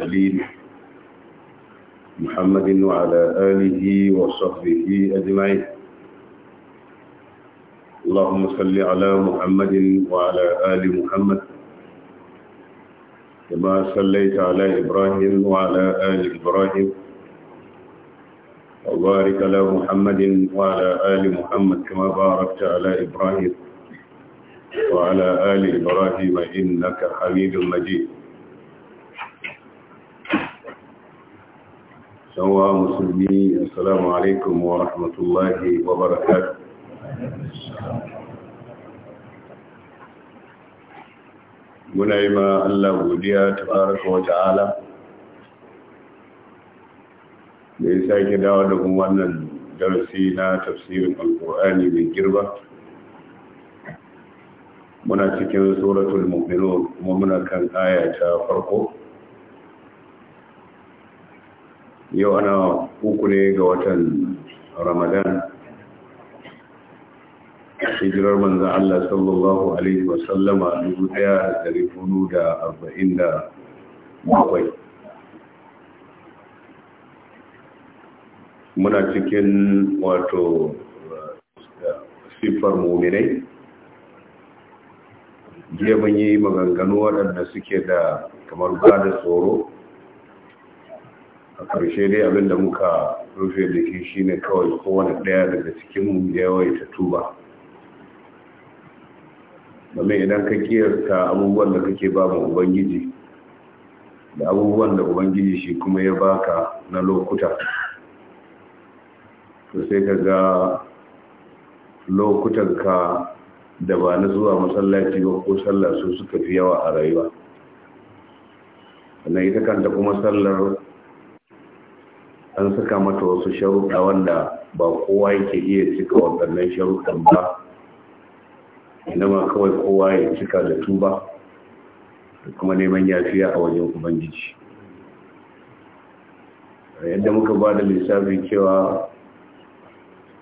الكريم محمد وعلى آله وصحبه أجمعين اللهم صل على محمد وعلى آل محمد كما صليت على إبراهيم وعلى آل إبراهيم وبارك على محمد وعلى آل محمد كما باركت على إبراهيم وعلى آل إبراهيم إنك حميد مجيد شواء مسلمي السلام عليكم ورحمة wa وبركاته muna yi ma Allah godiya ta baraka wa ta'ala da ya sake dawo da kuma wannan darasi na tafsirin alkur'ani mai girba muna cikin suratul mu'minun kuma muna kan aya ta farko yau ana uku ne ga watan ramadan hijirar manza Allah sallallahu Alaihi wasallama bakwai. muna cikin wato eh, siffar muminai jiya mun yi maganganu waɗanda suke da kamar ba da tsoro a ƙarshe dai abinda muka rufe da ke shi ne kawai kowane ɗaya daga cikin cikinmu ta tuba domin idan ka kiyarta abubuwan da kake ba mu ubangiji da abubuwan da ubangiji shi kuma ya baka na lokuta to sai ka ga lokutan ka da ba na zuwa masallaci ba ko sallar su suka fi yawa a rayuwa sannan ita kanta kuma sallar an saka mata wasu sharuɗa wanda ba kowa yake iya cika waɗannan sharuɗan ba inama kawai kowa ya cika da tuba da kuma neman yafiya a wajen ubangiji yadda muka ba da lissafi cewa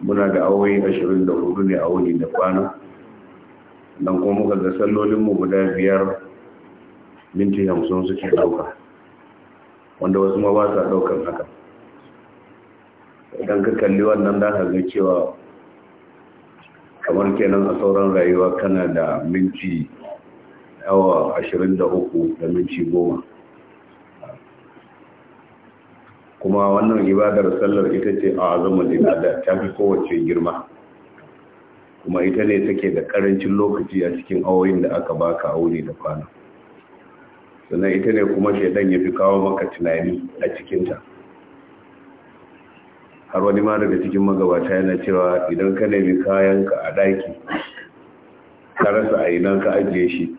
muna da awoyi ashirin da hudu ne a wuni da kwana don kuma muka ga sallolinmu guda biyar minti hamsin suke ɗauka wanda wasu ma ba sa ɗaukar haka idan ka kalli wannan za ka ga cewa kamar kenan a sauran rayuwa kana da minti awa ashirin da uku da minti goma kuma wannan ibadar sallar ita ce a azumin ibada ta fi kowace girma kuma ita ne take da karancin lokaci a cikin awoyin da aka baka aure da kwana sannan ita ne kuma shaidan ya fi kawo maka tunani a cikinta har wani ma daga cikin magabata yana cewa idan ka nemi kayanka a daki ka rasa a ina ka ajiye shi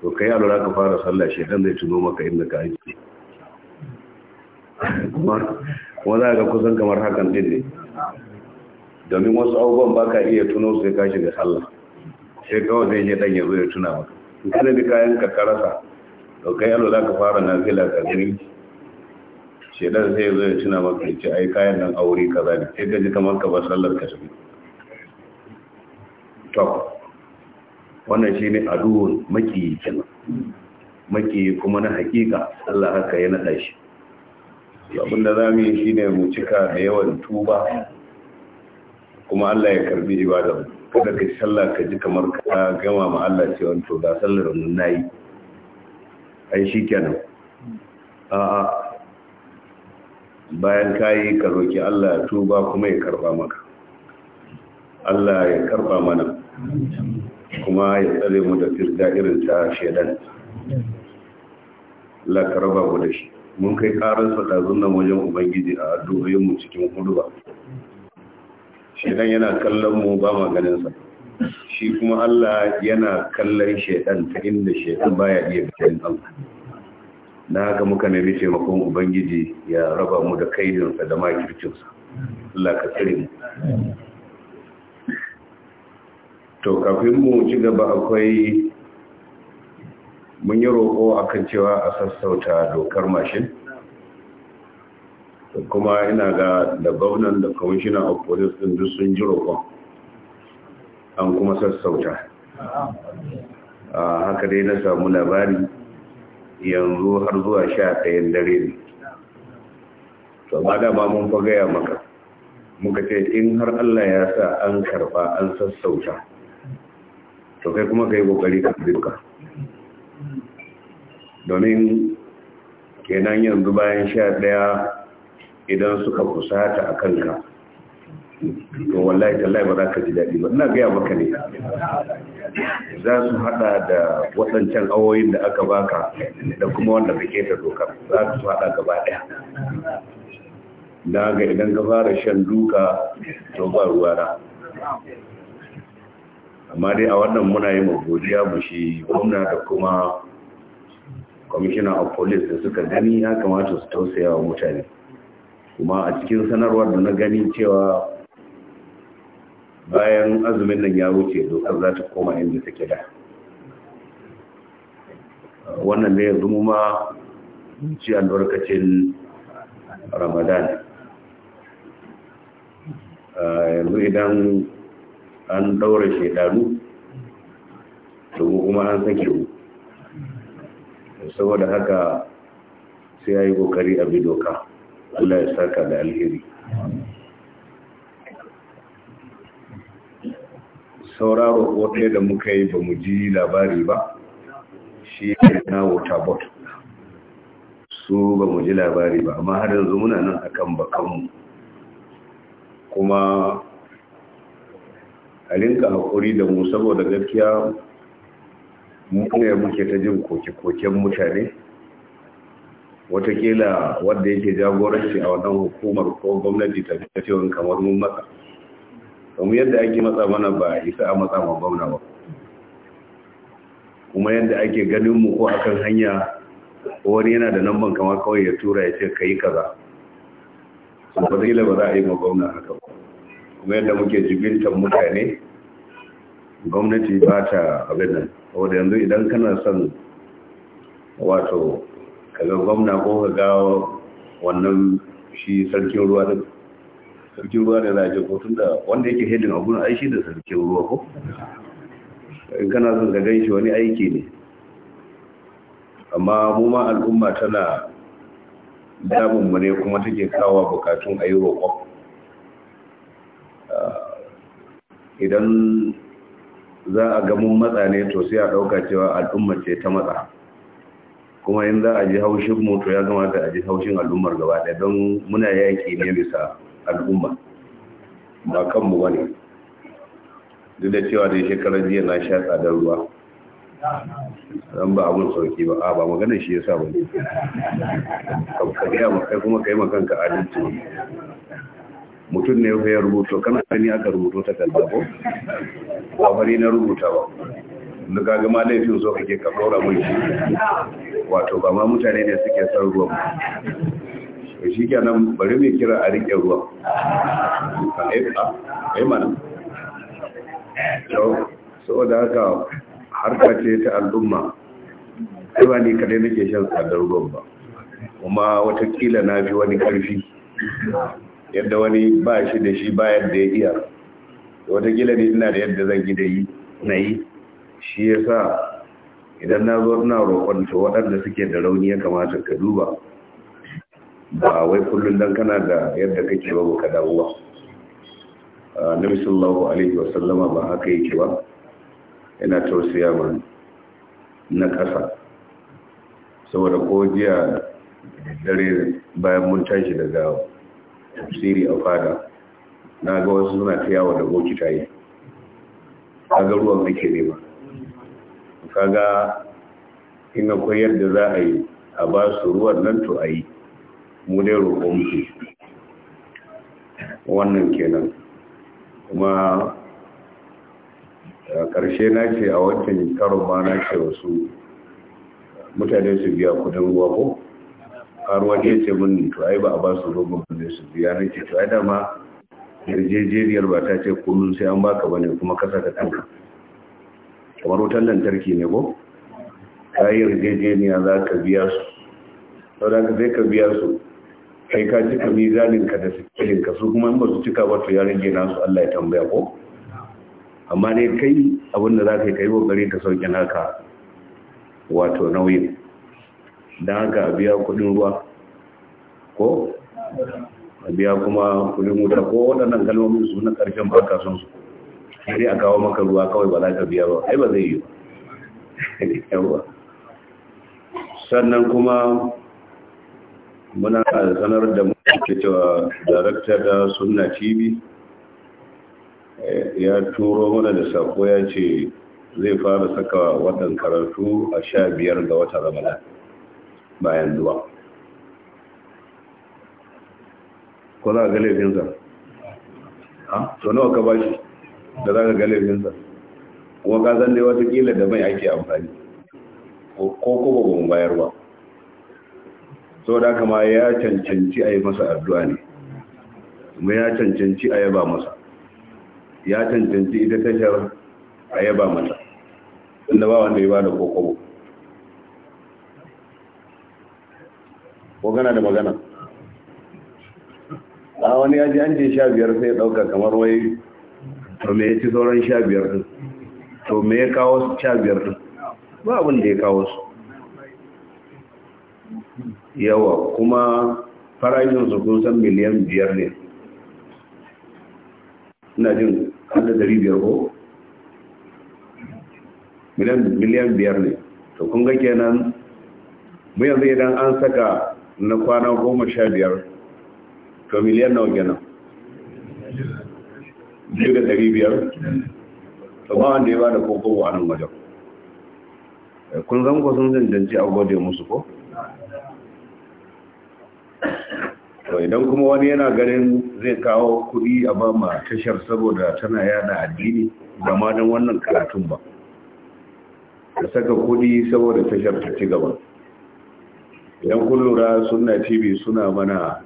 to kai lura ka fara sallah shi dan zai tuno maka inda ka ajiye kuma za ga kusan kamar hakan din ne domin wasu abubuwan ba ka iya tuno sai ka shiga sallah sai kawai zai je dan ya zo ya tuna maka in ka nemi kayanka ka rasa to kai lura ka fara nafila ka gani shedan sai zo ya tuna maka ce ai kayan nan aure kaza ne sai gaji ji kamar ka ba sallar ka shi to wannan shine aduwun maki kenan maki kuma na hakika Allah haka ya naɗa shi abin da zamu yi shine mu cika da yawan tuba kuma Allah ya karbi ibada kada ka sallah ka ji kamar ka gama ma Allah cewa to da sallar nan nayi ai shikenan a'a bayan kayi ka roki Allah ya tuba kuma ya karba maka Allah ya karba mana kuma ya tsare mu da irin ta shedan la karba raba mu da shi mun kai karar da wajen ubangiji a addu'o'in mu cikin huduba shedan yana kallon mu ba maganin sa shi kuma Allah yana kallon shedan ta inda shedan baya iya ganin Allah na haka muka nemi taimakon ubangiji ya raba mu da kaidinsa da makircinsa Allah ka tsare mu to kafin mu ci gaba akwai mun yi roƙo akan cewa a sassauta dokar mashin kuma ina ga da gwamnan da commissioner of police din duk sun ji roƙon an kuma sassauta A haka dai na samu labari yanzu har zuwa sha ɗayan dare ne to ba da ba mun fa gaya maka muka ce in har Allah ya sa an karba an sassauta to kai kuma ka yi ƙoƙari ka duka domin kenan yanzu bayan sha ɗaya idan suka kusata a kanka to wallahi tallahi ba za ka ji daɗi ba ina gaya maka ne za su haɗa da waɗancan awoyin da aka baka da kuma wanda ka keta dokar za su haɗa gaba ɗaya daga idan ka fara shan duka to ba ruwa na amma dai a wannan muna yi magodiya mu shi gwamna da kuma kwamishina of police da suka gani ya kamata su tausaya wa mutane kuma a cikin sanarwar da na gani cewa bayan azumin nan ya wuce dokar za ta koma inda take da wannan ne yanzu mu ma ci albarkacin ramadan yanzu idan an daura shekaru domin kuma an sake mu saboda haka sai ya yi kokari a bi doka allah ya saka da alheri sauraro ko da muka yi ba mu ji labari ba shi na waterbot su ba mu ji labari ba amma har yanzu muna nan akan bakanmu kuma halinka haƙuri da mu saboda gaskiya mune muke ta jin koke-koken mutane watakila wadda yake jagoranci a wannan hukumar ko gwamnati ta fi kamar mun matsa Kamu yadda ake matsa mana ba isa a matsa ma gwamna ba kuma yadda ake ganin mu ko akan hanya wani yana da nan kama kawai ya tura ya ce ka yi kaza wataƙila ba za a yi ma gwamna haka ba kuma yadda muke jibintar mutane gwamnati ba ta abin nan wadda yanzu idan kana son wato kaga gwamna ko kaga wannan shi sarkin ruwa duk sarkin ruwa da rajin ko da wanda yake hedin a aiki da sarkin ruwa ko in kana son ka gaishe wani aiki ne amma muma al'umma tana damun mu ne kuma take kawo bukatun ayi roƙo ah, idan za a ga mun matsa ne to sai a ɗauka cewa al'umma ce ta matsa kuma in za a ji haushin mu to ya kamata a ji haushin al'ummar gaba ɗaya don muna yaƙi ne bisa al'umma ba kanmu ba ne duk da cewa da shekarar jiya na sha tsadar ruwa don ba abun sauki ba a ba maganin shi ya sa ba ne ka gaya kuma ka yi makanka adalci mutum ne ya rubuto kana gani aka rubuto ta kalbabo ba fari na rubuta ba da gaga ma laifin so kake ka ɗora mun shi wato ba ma mutane ne suke son ruwan shi nan, bari mai kira a riƙe ruwa a yi mana da haka harka ce ta al'umma ba ne kadai nake shan tsadar ruwan ba kuma watakila na fi wani ƙarfi yadda wani ba shi da shi bayan da ya iya watakila ne ina da yadda zan yi da yi na yi shi ya sa idan na zo na roƙon waɗanda suke da rauni ya kamata ka duba ba wai kullum dan kana da yadda kake ba ka dawo ba annabi sallallahu alaihi wasallama ba haka yake ba yana tausaya ba na kasa. saboda ko jiya dare bayan mun tashi daga tafsiri a fada na ga wasu suna ta da bokitaye ga ruwan ake nema kaga in akwai yadda za a yi a ba su ruwan nan to a yi mu dai roƙo muke wannan kenan kuma ƙarshe na ce a wancan karo ma na ce wasu mutane su biya kudin ruwa ko karuwa ne ce min to ai ba a ba su rogon kudin su biya na ce to ai ma yarjejeniyar ba ta ce kullum sai an baka bane kuma kasa da kanka kamar wutar lantarki ne ko ta yi yarjejeniya za ka biya su sau da ka zai ka biya su kai ka cika mizanin ka da sikilin ka su kuma in ba su cika ba to ya rage nasu Allah ya tambaya ko amma ne kai abin da za ka yi kai kokari ka sauke naka wato nauyin don haka a biya kudin ruwa ko a biya kuma kudin wuta ko waɗannan kalmomin su na ƙarshen baka sun su sai a kawo maka ruwa kawai ba za ka biya ba ai ba zai yi ba sannan kuma muna sanar da muke cewa darakta da sunna tv eh, ya turo mana da sako ya ce zai fara saka watan karatu a sha biyar ga watan ramadan bayan zuwa ko za a ga laifinsa ha to nawa ka bashi da za ka ga laifinsa kuma ka zan dai watakila da mai ake amfani ko ko ba mu bayar ba saboda kama ya cancanci a yi masa addu'a ne kuma ya cancanci a yaba masa ya cancanci ita tashar a yaba mata inda ba wanda ya ba da kokobo ko da magana a wani yaji an ce sha biyar sai ɗauka kamar wai to me ya ci sauran sha biyar ɗin to me ya kawo sha biyar ɗin ba abin da ya kawo su yawa kuma farashin su kun san miliyan biyar ne ina jin kada dari biyar ko miliyan biyar ne to kun ga kenan mu yanzu idan an saka na kwana goma sha biyar to miliyan nawa kenan biyu da dari biyar to ba wanda ya ba da kokowa a nan wajen eh, kun zan kwasan sun zancanci a gode musu ko to idan kuma wani yana ganin zai kawo kuɗi a ba ma tashar saboda tana yada addini da ma wannan karatun ba ka saka kuɗi saboda tashar ta ci gaba idan kun lura suna tv suna mana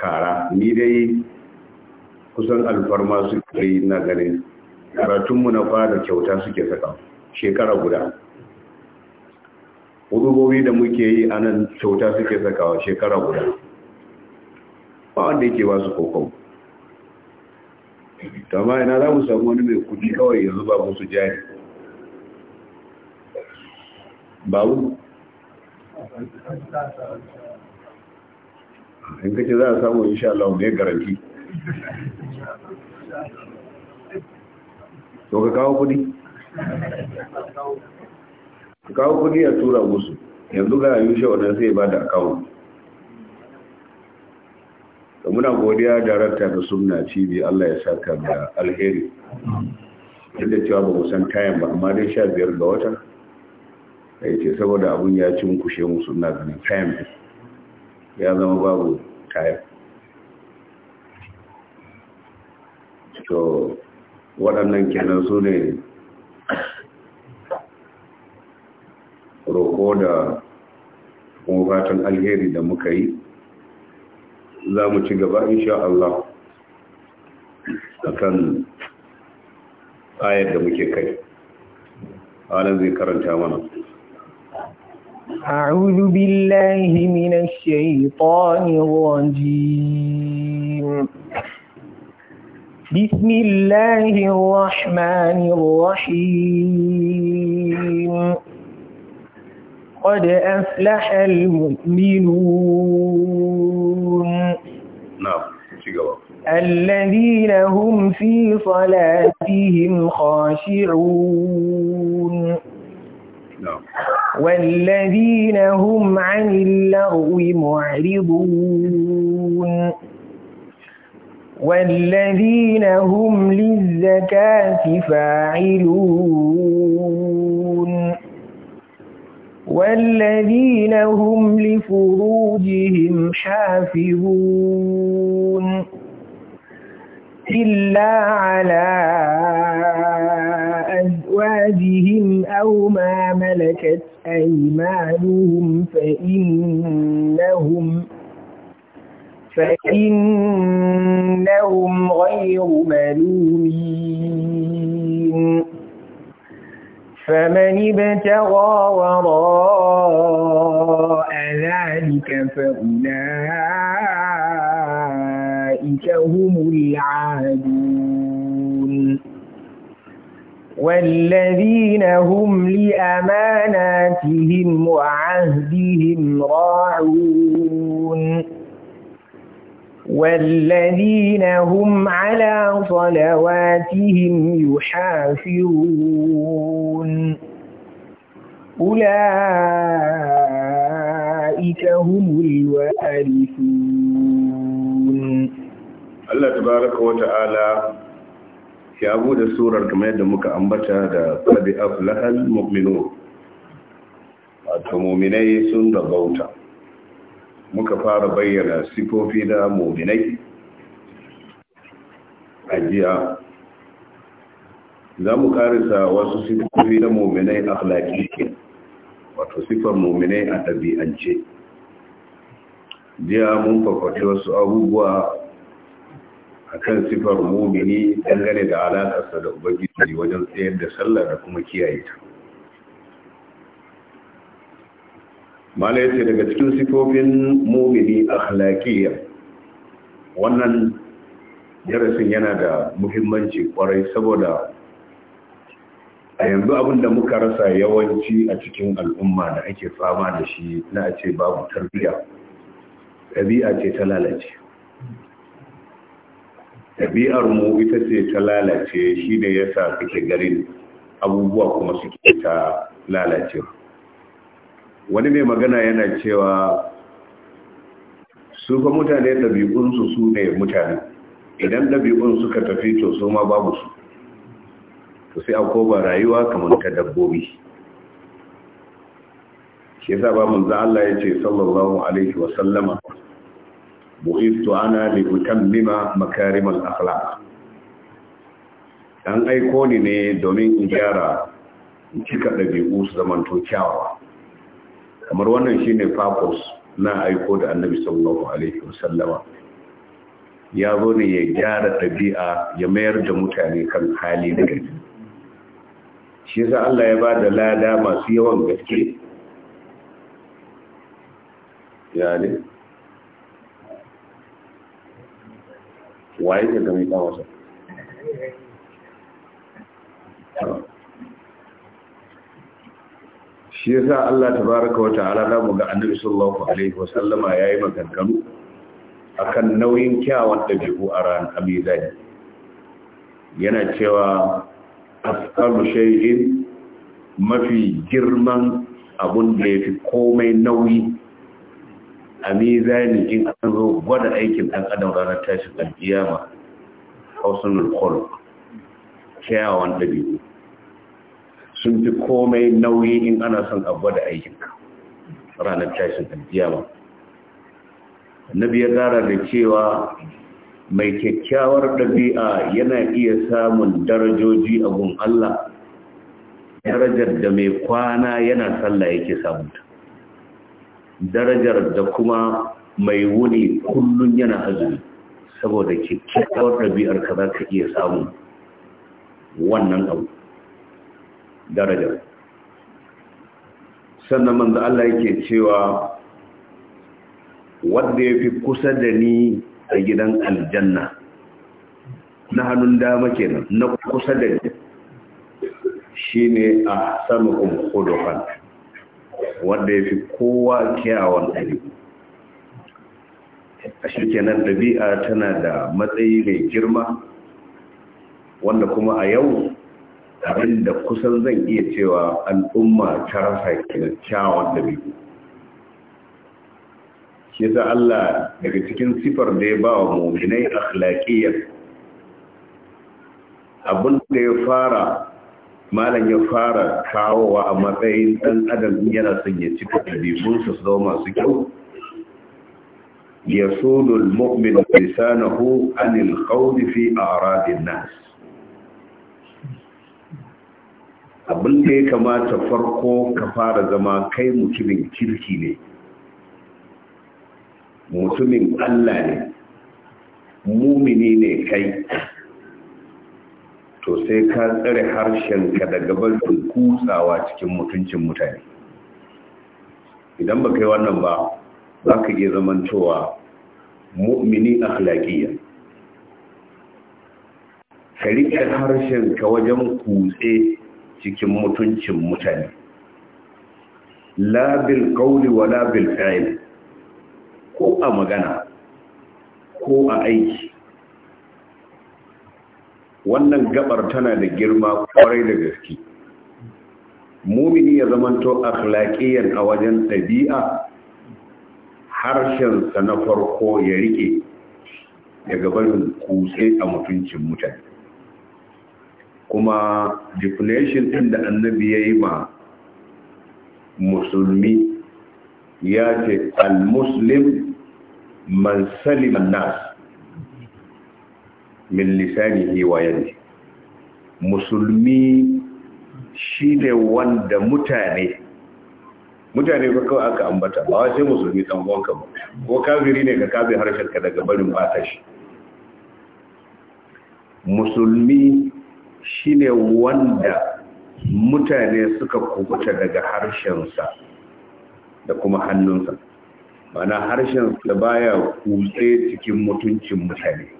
kara ni dai kusan alfarma su kai na ganin karatunmu na fada kyauta suke saka shekara guda hudubobi da muke yi anan kyauta suke sakawa shekara guda ba wanda yake ba su kokon ma ina za mu samu wani mai kudi kawai yanzu ba musu jari babu in kake za a samu insha Allah mai garanti to ka kawo kudi ka kawo kudi a tura musu yanzu ga yushe wannan sai ba da akawun. muna godiya darakta da sunna cibi Allah ya saka da alheri duk da cewa ba mu san tayan ba amma dai sha biyar ga wata ya ce saboda abun ya ci kushe mu suna ga tayan ya zama babu tayan to waɗannan kenan su ne roƙo da kuma fatan alheri da muka yi za mu ci gaba insha Allah akan ayar da muke kai halin zai karanta mana أعوذ بالله من الشيطان الرجيم بسم الله الرحمن الرحيم قد أفلح المؤمنون نعم الذين هم في صلاتهم خاشعون نعم والذين هم عن اللغو معرضون والذين هم للزكاة فاعلون والذين هم لفروجهم حافظون إلا على أزواجهم أو ما ملكت أيمانهم فإنهم فإنهم غير ملومين فمن ابتغى وراء ذلك فأولئك هم العادون والذين هم لأماناتهم وعهدهم راعون والذين هم على صلواتهم يحافظون أولئك هم الوارثون Allah tabaraka wa ta'ala ya bude surar kamar da muka ambata da qad aflahal mu'minun wato mu'minai sun rabauta muka fara bayyana sifofi na muminai a jiya za mu karisa wasu sifofi na muminai a halakiki wato sifar muminai a ɗabi'ance jiya mun fafaci wasu abubuwa a kan sifar mumini dangane da alaƙarsa da ubangiji wajen tsayar da sallah da kuma kiyaye ta mala yace daga cikin sifofin mumini akhlaqiyya wannan darasin yana da muhimmanci kwarai saboda a yanzu abinda muka rasa yawanci a cikin al'umma da ake fama da shi na a ce babu tarbiyya ɗabi'a ce ta lalace ɗabi'ar mu ita ce ta lalace shi ne ya sa kake garin abubuwa kuma suke ta lalacewa wani mai magana yana cewa su fa mutane ɗabi'unsu su ne mutane idan ɗabi'un suka tafi to su ma babu su to sai ba rayuwa kamar ta dabbobi shi yasa ba mun za Allah ya ce sallallahu alaihi wa sallama bu'istu ana li utammima makarimal akhlaq an aiko ni ne domin in gyara cika ɗabi'u su zamanto kyawawa kamar wannan shine purpose na aiko da annabi sallallahu alaihi wasallama ya zo ne ya gyara ɗabi'a ya mayar da mutane kan hali da gari shi yasa Allah ya ba da lada masu yawan gaske ya ne waye shi yasa Allah tabaraka wa ta'ala da mu ga Annabi sallallahu alaihi wa sallama yayi maganganu akan nauyin kyawun dabi'u a ran amizani yana cewa asqalu shay'in mafi girman abun da yafi komai nauyi a in an zo gwada aikin ɗan adam ranar tashin alkiyama hausunul khuluq kyawun dabi'u sun fi komai nauyi in ana son abuwa da aikinka ranar tashin ajiyama. Na ya tsara da cewa mai kyakkyawar ɗabi'a yana iya samun darajoji a gun Allah darajar da mai kwana yana sallah yake samunta darajar da kuma mai wuni kullum yana azumi saboda kyakkyawar ɗabi'ar ka za ka iya samun wannan abu daraja sannan manzo Allah yake cewa wanda yafi kusa da ni a gidan aljanna na hannun dama kenan na kusa da ni shine a samukum khudufan wanda yafi kowa kiyawan ɗari a shi nan ɗabi'a tana da matsayi mai girma wanda kuma a yau abin da kusan zan iya cewa al'umma ta rasa kyakkyawan da biyu shi ta Allah daga cikin sifar da ya ba wa muminai akhlaqiyya abin da ya fara malam ya fara kawowa a matsayin ɗan adam yana son ya cika ɗabi'unsa su zama masu kyau ya sunul mu'min lisanahu anil qawli fi aradin nas abin da ya kamata farko ka fara zama kai mutumin kirki ne mutumin allah ne mumini ne kai to sai ka tsare harshenka daga barin kutsawa cikin mutuncin mutane idan ba kai wannan ba za ka iya zamantowa mu'mini akhlaqiyya ka rike harshenka wajen kutse cikin mutuncin mutane labil bil qawli wa labil bil ko a magana ko a aiki wannan gabar tana da girma kwarai da gaske mumini ya zamanto akhlaqiyan a wajen dabi'a sa na farko ya rike daga barin kutse a mutuncin mutane kuma deflation din da annabi ya yi ma musulmi ya ce al-muslim man saliman nas min lisanihi wa yadi musulmi shine wanda mutane mutane ba kawai aka ambata ba wace musulmi dan wanka ba ko kafiri ne ka harshen harshenka daga barin batashi musulmi Shi shine wanda mutane suka kubuta daga harshensa da kuma hannunsa mana harshensa baya kutse cikin mutuncin mutane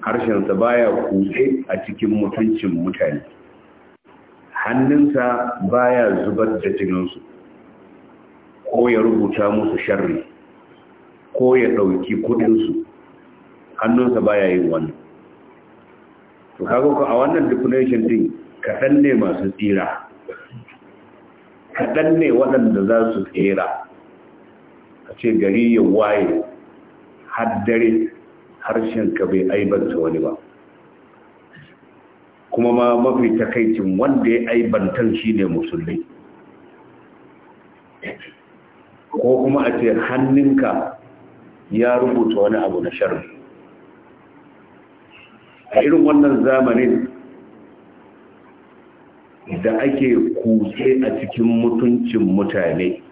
harshensa baya kutse a cikin mutuncin mutane hannunsa baya zubar da jininsu ko ya rubuta musu sharri ko ya ɗauki kudinsu hannunsa baya yin wannan to kaga ko a wannan definition din kaɗan ne masu tsira kaɗan ne waɗanda za su tsira a ce gari ya waye har dare harshenka bai aibanta wani ba kuma ma mafi takaicin wanda ya aibantan shi ne musulmi ko kuma a ce hannunka ya rubuta wani abu na sharri a irin wannan zamanin da ake kutse a cikin mutuncin mutane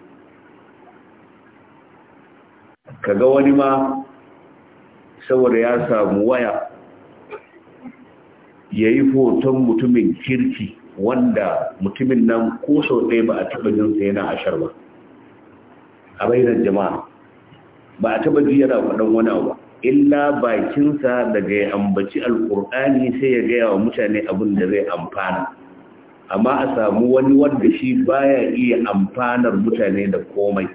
kaga wani ma saboda ya samu waya ya yi hoton mutumin kirki wanda mutumin nan ko sau ɗaya ba a taɓa jinsa yana ashar ba a bainar jama'a ba a taɓa ji yana faɗin wani abu illa bakinsa daga ya ambaci alƙur'ani sai ya gaya wa mutane abin da zai amfana amma a samu wani wanda shi baya iya amfanar mutane da komai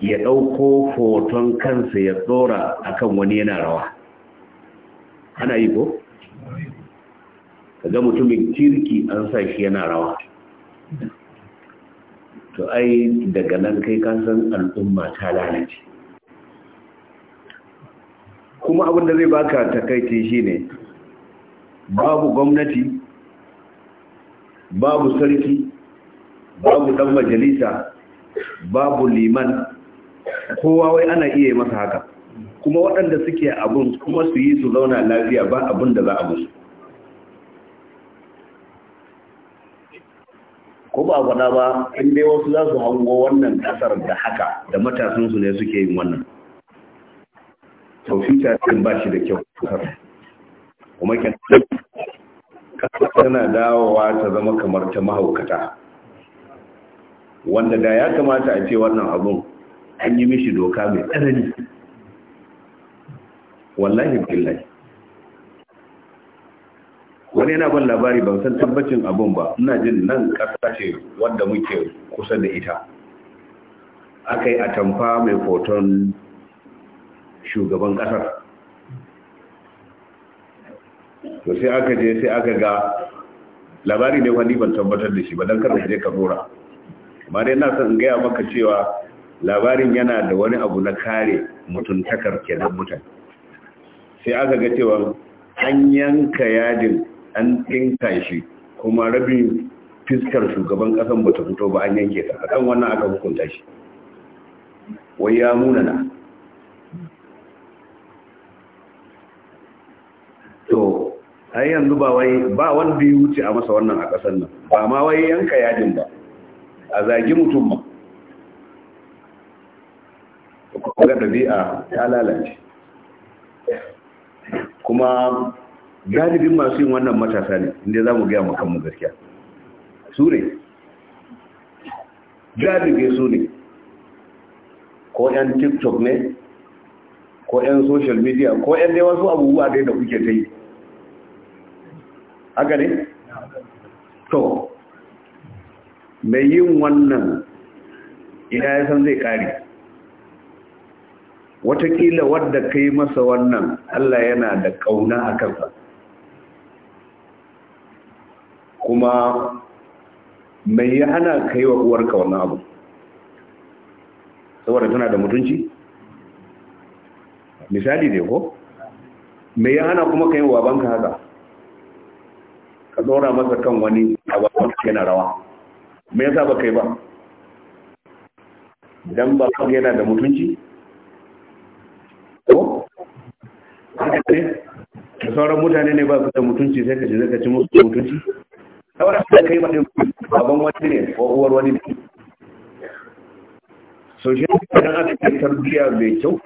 ya ɗauko foton kansa ya tsora akan wani yana rawa ana yi ko? kaga mutumin kirki an sa shi yana rawa to ai daga nan kai kasan al'umma ta lalace kuma abin da zai baka shi ne, babu gwamnati babu sarki babu dan majalisa babu liman kowa wai ana iya masa haka kuma waɗanda suke abun kuma su yi su zauna lafiya ba abin da za a musu ko ba faɗa ba in dai wasu za su hango wannan ƙasar da haka da matasansu ne suke yin wannan tawfita ɗin ba shi da kyau kuma kan kasa tana dawowa ta zama kamar ta mahaukata wanda da ya kamata a ce wannan abun an yi mishi doka mai tsanani wallahi billahi wani yana ban labari ban san tabbacin abun ba ina jin nan ƙasa ce wanda muke kusa da ita aka yi atamfa mai foton shugaban ƙasar to sai aka je sai aka ga labari ne wani ban tabbatar da shi ba don kada je ka dora amma dai na son gaya maka cewa labarin yana da wani abu na kare mutuntakar kenan mutane sai aka ga cewa an yanka yadin an tinka shi kuma rabin fiskar shugaban kasan bata fito ba an yanke ta kan wannan aka hukunta shi wai ya muna na. ai yanzu ba wai ba wanda ya wuce a masa wannan a ƙasar nan ba ma wai yanka yajin ba a zagi mutum ba da ɗabi'a ta lalace kuma galibin masu yin wannan matasa ne inda za mu gaya makamu gaskiya su ne galibin su ne ko 'yan tiktok ne ko 'yan social media ko 'yan dai wasu abubuwa dai da kuke ta yi haka ne? to mai yin wannan ina ya san zai kari watakila wadda ka yi masa wannan Allah yana da ƙauna a kansa kuma mai yi hana ka yi wa uwarka wannan abu saboda tana da mutunci misali ne ko mai yi hana kuma ka yi wa banka haka ka masa kan wani a gaban yana rawa me yasa ba kai ba dan ba yana da mutunci ko da sauran mutane ne ba su da mutunci sai ka ci zaka ci musu mutunci saboda da kai ba din baban wani ne ko uwar wani ne so shi idan aka yi tarbiyya mai kyau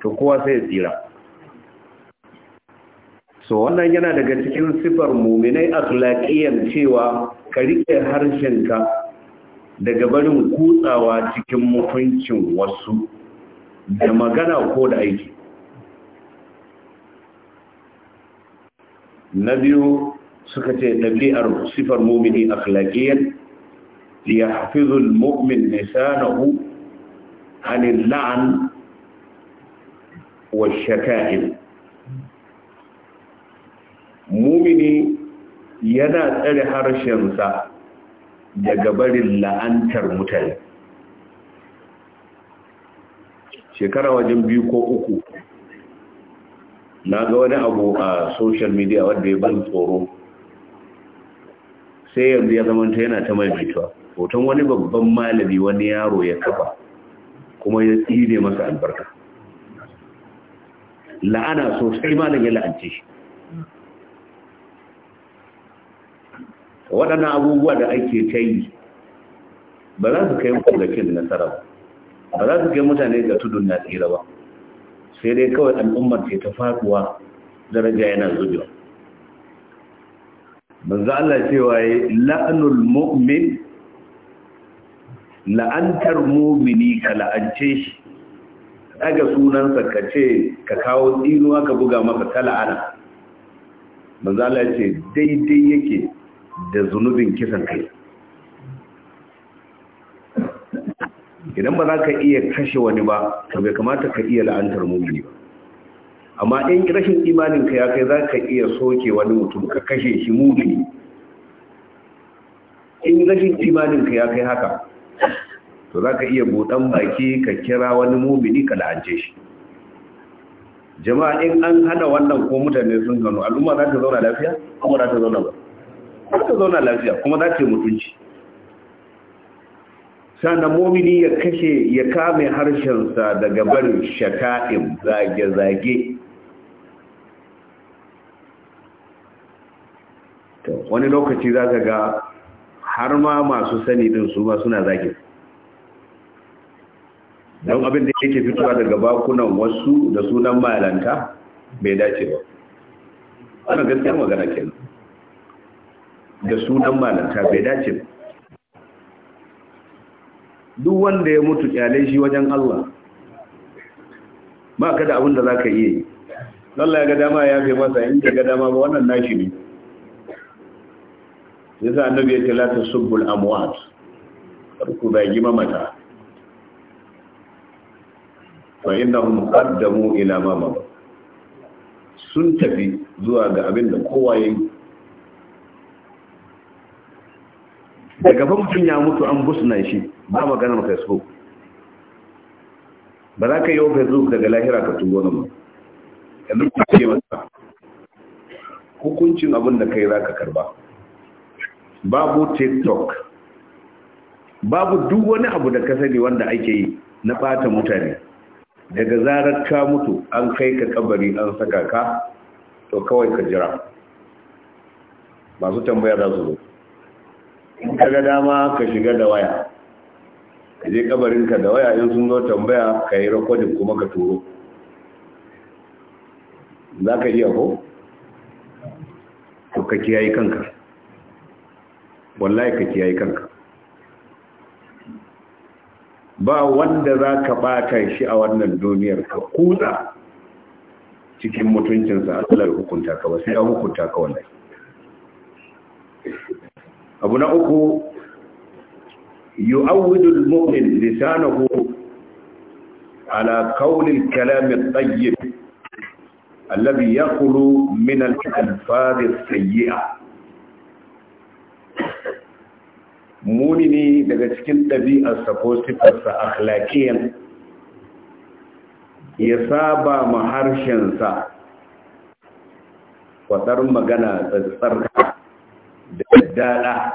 to kowa sai ya tsira so wannan yana daga cikin sifar muminai akhlaqiyan cewa ka rike harshenka daga barin kutsawa cikin mutuncin wasu da magana ko da aiki na biyu suka ce ɗabi'ar sifar mumini akhlaqiyan ya hafizul mu'min lisanahu anil la'an wa shaka'in mumini yana tsare harshen sa daga barin la'antar mutane shekara wajen biyu ko uku na ga wani abu a social media wadda ya ban tsoro sai yanzu ya zamanta yana ta maimaituwa hoton wani babban malami wani yaro ya kafa kuma ya tsire masa albarka la'ana sosai malam ya la'ance shi waɗannan abubuwa da ake ta yi ba za su kai mutum nasara ba ba za su kai mutane ga tudun na tsira ba sai dai kawai al'ummar ce ta faruwa daraja yana zubewa manzo Allah cewa la'anul mu'min la'antar mu'mini ka la'ance shi daga sunansa ka ce ka kawo tsinuwa ka buga maka tala'ana manzo Allah ce daidai yake da zunubin kisan kai idan ba za ka iya kashe wani ba to bai kamata ka iya la'antar mumini ba amma in rashin imaninka ya kai za ka iya soke wani mutum ka kashe shi mumini in rashin imaninka ya kai haka to za ka iya buɗan baki ka kira wani mumini ka la'ance shi jama'a in an hana wannan ko mutane sun gano al'umma za ta zauna lafiya kuma za ta zauna ba za ta zauna lafiya kuma za ta yi mutunci sannan momini ya kashe ya kame harshensa daga barin shaka'in zage-zage wani lokaci za ka ga har ma masu sani din su ma suna zage don abin da yake fitowa daga bakunan wasu da sunan malanta bai dace ba wannan gaskiyar magana kenan da sunan malanta bai dace ba duk wanda ya mutu kyale shi wajen Allah ba ka da abin da za ka iya yi Allah ya ga dama ya fi masa in ga dama ba wannan nashi ne ya sa annabi ya ce subul amwat ku zagi mamata fa innahum qaddamu ila ma sun tafi zuwa ga abinda da kowa yayi daga mutum ya mutu an busna shi ba maganar facebook ba za ka yi wa facebook daga lahira ka tuwo na ba yanzu ku ce masa hukuncin abin da kai za ka karba babu tiktok babu duk wani abu da ka sani wanda ake yi na bata mutane daga zarar ka mutu an kai ka kabari an saka ka to kawai ka jira masu tambaya za su zo in ka ga dama ka shiga da waya ka je kabarinka da waya in sun zo tambaya ka yi rikodin kuma ka turo za ka iya ko? to ka kiyaye kanka wallahi ka kiyaye kanka ba wanda za ka bata shi a wannan duniyar ka kuda cikin mutuncinsa a tsallar hukunta ka ba ya hukunta ka wallahi abu na uku yu'awwidu al-mu'min lisanahu ala qawli al-kalam at-tayyib alladhi yaqulu min al-alfaz as-sayyi'a muni ne daga cikin ɗabi'arsa ko sifarsa akhlaqiyan ya saba ma harshensa faɗar magana tsarka daddada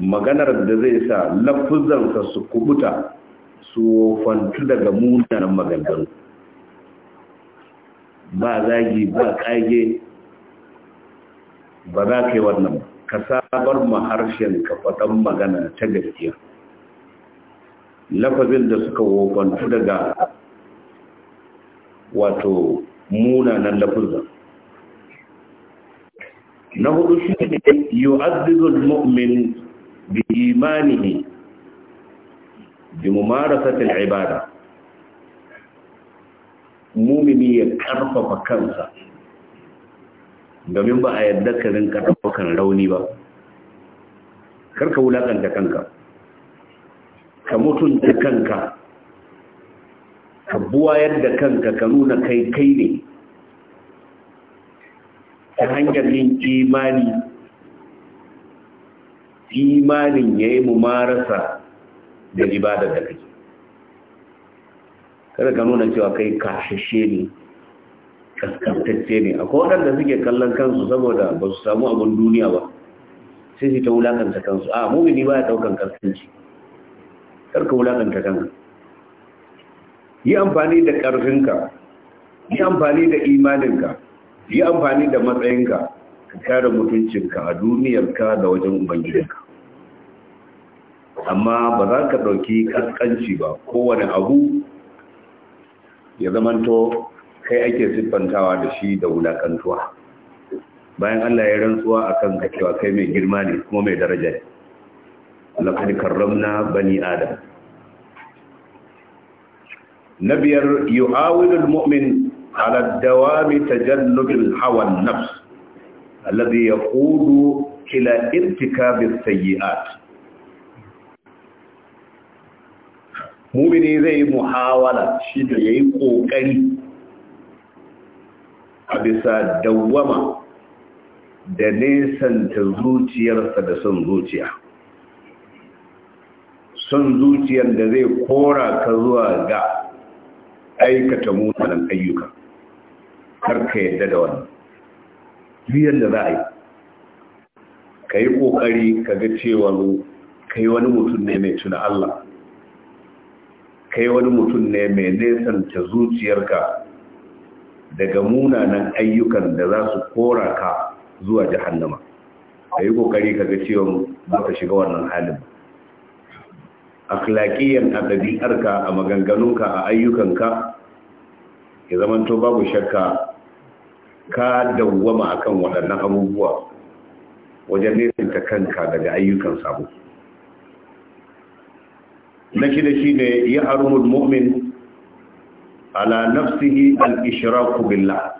maganar da zai sa lafuzansa su kubuta su wofantu daga munanan maganganu ba zagi ba kage ba za ka yi wannan ka sabar ma harshen ka faɗan magana ta gaskiya lafazin da suka wofantu daga wato munanan lafuzan na hudu shi ne azizul mu'min bi imanihi bi satin ibada mumini ya karfafa kansa domin ba a yadda ka rinka daukan rauni ba karka wulakanta kanka ka mutunta kanka ka buwayar da kanka ka nuna kai kai ne ta hanyar yin imani imanin ya yi mumarasa da ibada da kake kada ka nuna cewa kai kashishe ne kaskantacce ne akwai waɗanda suke kallon kansu saboda ba su samu abin duniya ba sai su ta wulakanta kansu a mumini ba ya ɗaukan kaskanci ka wulakanta kanka yi amfani da ƙarfinka yi amfani da imaninka yi amfani da matsayinka ka kare mutuncinka a duniyarka da wajen ubangidanka amma ba za ka ɗauki ƙasƙanci ba kowane abu ya zamanto kai ake siffantawa da shi da wulaƙantuwa bayan Allah ya rantsuwa akan ka cewa kai mai girma ne kuma mai daraja ne laqad karramna bani adam nabiyar yu'awilu mumin على الدوام تجنب الهوى النفس الذي يقود إلى ارتكاب السيئات mumini zai yi muhawala shi da ya yi ƙoƙari a bisa dawama da nesanta zuciyarsa da son zuciya son zuciyar da zai kora ka zuwa ga aikata mutanen ayyuka karka yadda da wani. biyan da za a yi ka yi ƙoƙari ka ga cewa kai wani mutum ne mai tuna Allah kai wani mutum ne mai ta zuciyarka daga munanan ayyukan da za su kora ka zuwa jahannama ka yi ƙoƙari ka ga cewa za ka shiga wannan halin akhlaqiyan a ɗabi'arka a maganganunka a ayyukanka ya zamanto babu shakka ka dawwama akan waɗannan abubuwa wajen nesanta kanka daga ayyukan sabo na da shi ne ya arumul mu'min ala nafsihi al-ishraku billah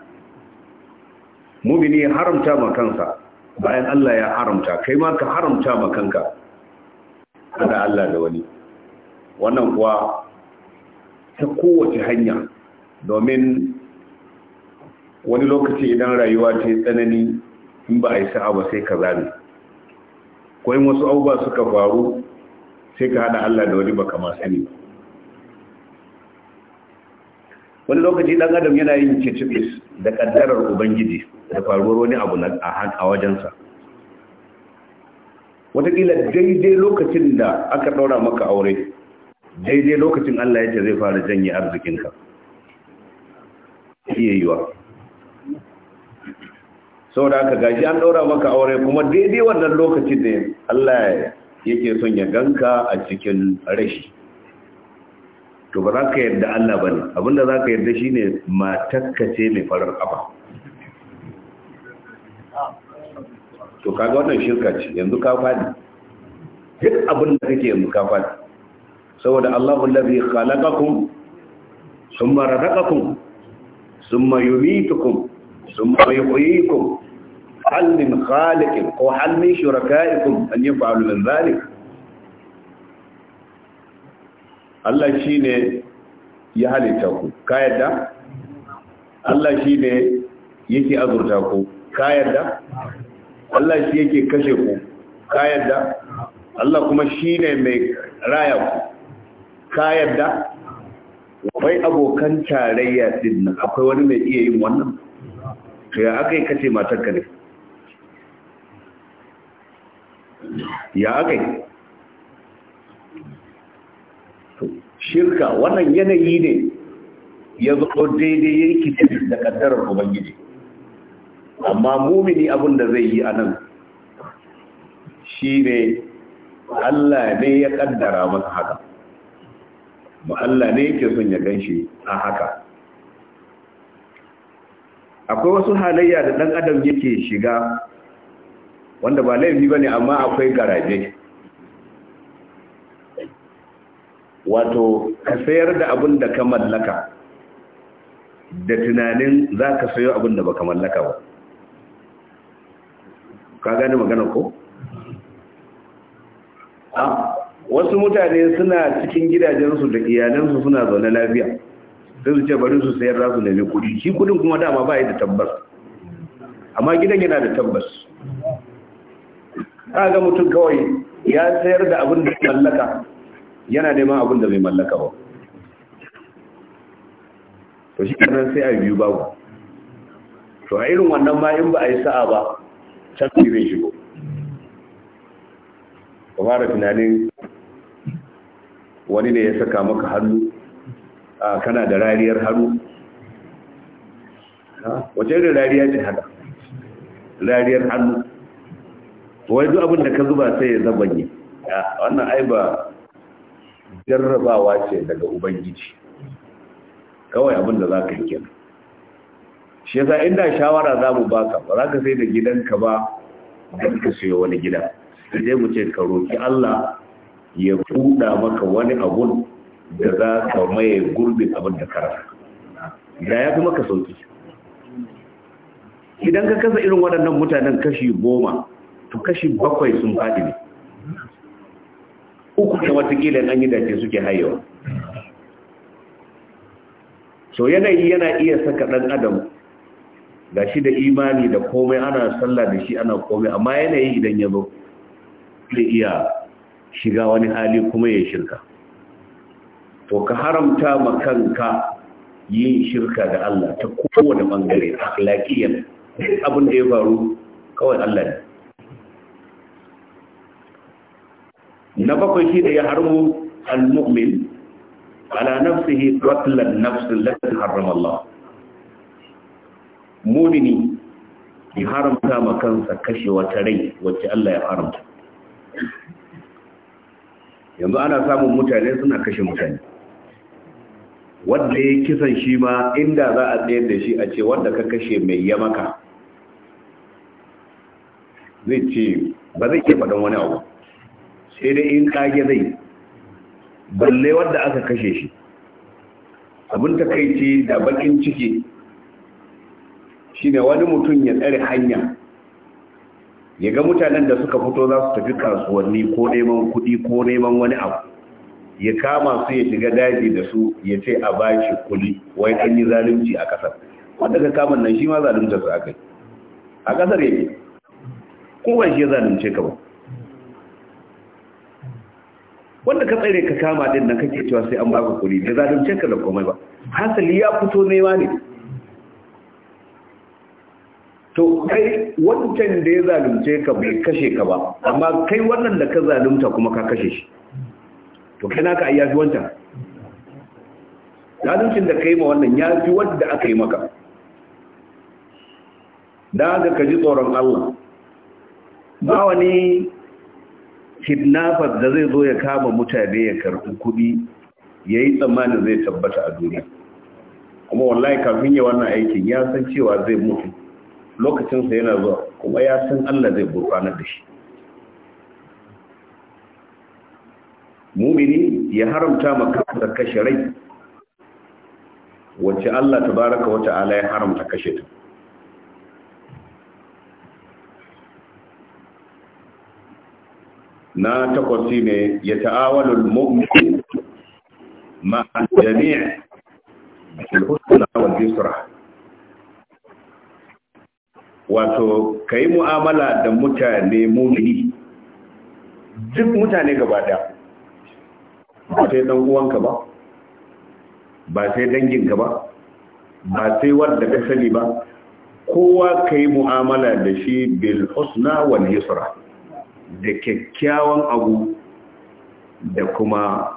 mu'mini ya haramta ma kansa bayan Allah ya haramta kai ma ka haramta ma kanka da Allah da wani wannan kuwa ta kowace hanya domin wani lokaci idan rayuwa ta tsanani in ba a yi sa'a ba sai ka zane ko wasu abubuwa suka faru sai ka hada Allah da wani baka masu ne wani lokaci dan adam yana yin kicibis da kaddarar ubangiji da faruwar wani abu a wajensa watakila daidai lokacin da aka ɗaura maka aure daidai lokacin Allah ya zai fara janye arzikinka iya yiwa sau da aka gaji an ɗaura maka aure kuma daidai wannan lokacin da Allah yake son ya ganka a cikin rashi to ba za ka yarda Allah ba ne abinda za ka yarda shi ne matakkace mai farar ƙafa to kaga wannan shirka ce yanzu ka faɗi duk abinda kake yanzu ka faɗi saboda Allahun lafi khalaqakum summa razaqakum ثم يميتكم ثم يحييكم هل من خالق أو هل من شركائكم أن يفعل من ذلك Allah shi ne ya halitta ku ka Allah shi ne yake azurta ku ka yadda? Allah shi yake kashe ku ka yadda? Allah kuma shi ne mai raya ku ka yadda? wai abokan tarayya din nan akwai wani mai iya yin wannan to ya aka yi kace matarka ne ya aka yi shirka wannan yanayi ne ya zo daidai yanki da kaddarar ubangiji amma mumini abun da zai yi anan. nan shi ne allah ne ya kaddara masa haka ba Allah ne yake son ya ganshi a haka akwai wasu halayya da ɗan adam yake shiga wanda ba laifi ba ne amma akwai garaje wato ka sayar da abin da ka mallaka da tunanin za ka sayo abin da ba ka mallaka ba ka gani magana ko? Ah, wasu mutane suna cikin gidajensu da iyalansu suna zaune lafiya sai su ce bari su sayar za su nemi kudi shi kudin kuma dama ba da tabbas amma gidan yana da tabbas ka ga mutum kawai ya sayar da abin da mallaka yana neman abin da bai mallaka ba to shi kanan sai a biyu babu to a irin wannan ma in ba a yi sa'a ba can zai shigo Ba fara tunanin wani ne ya saka maka hannu A kana da rariyar hannu wace da rariya ce haka rariyar hannu Wai duk abin da ka zuba sai ya zabanye wannan ai ba jarrabawa ce daga ubangiji kawai abin da za ka yi kenan shi yasa inda shawara za mu baka ba za ka sai da gidanka ba don ka siyo wani gida sai mu ce ka roki Allah ya buɗa maka wani abun da za ka maye gurbin abin da kara da ya fi maka sauki idan ka kasa irin waɗannan mutanen kashi goma to kashi bakwai sun faɗi ne uku ta watakila an yi dace suke hayewa so yanayi yana iya saka ɗan adam ga shi da imani da komai ana sallah da shi ana komai amma yanayi idan ya zo iya shiga wani hali kuma ya shirka to ka haramta ma kanka yin shirka da Allah ta kowane bangare akhlaqiyan abin da ya faru kawai Allah ne na bakwai shi da ya harmu al-mu'min ala nafsihi qatlan nafsin lati harrama Allah mumini ya haramta ma kansa kashe wata rai wacce Allah ya haramta yanzu ana samun mutane suna kashe mutane wanda ya kisan shi ma inda za a tsayar da shi a ce wanda ka kashe mai ya maka zai ce ba zai ke faɗin wani abu sai dai in kage zai balle wanda aka kashe shi abin takaici da bakin ciki Shi ne wani mutum ya tsare hanya ya ga mutanen da suka fito za su tafi kasuwanni ko neman kuɗi ko neman wani abu ya kama su ya shiga daji da su ya ce a ba shi kuli wai an yi zalunci a ƙasar wanda ka kama nan shi ma zalunta su aka yi a ƙasar yake ko ban shi zalunce ka ba wanda ka tsere ka kama din nan kake cewa sai an ba ka kuli da zalunce ka da komai ba hasali ya fito nema ne to kai wancan da ya zalunce ka bai kashe ka ba amma kai wannan da ka zalunta kuma ka kashe shi to kai naka ai yafi wancan zaluncin da kai ma wannan ya fi wanda aka yi maka da haka ka ji tsoron Allah ba wani kidnapper da zai zo ya kama mutane ya karɓi kuɗi ya yi tsammanin zai tabbata a duniya amma wallahi kafin ya wannan aikin ya san cewa zai mutu lokacinsa yana zuwa kuma ya san Allah zai gurfanar da shi mumini ya haramta makansa kashe rai wacce Allah baraka wa ta'ala ya haramta kashe ta na takwasi ne ya ta'awalul mu'min ma'a jami'a al-husna wal yusra wato ka yi mu'amala da mutane mumini duk mutane gaba da ba sai ɗan uwanka ba ba sai danginka ba ba sai wanda ka sani ba kowa ka yi mu'amala da shi bil husna wal yusra da kyakkyawan abu da kuma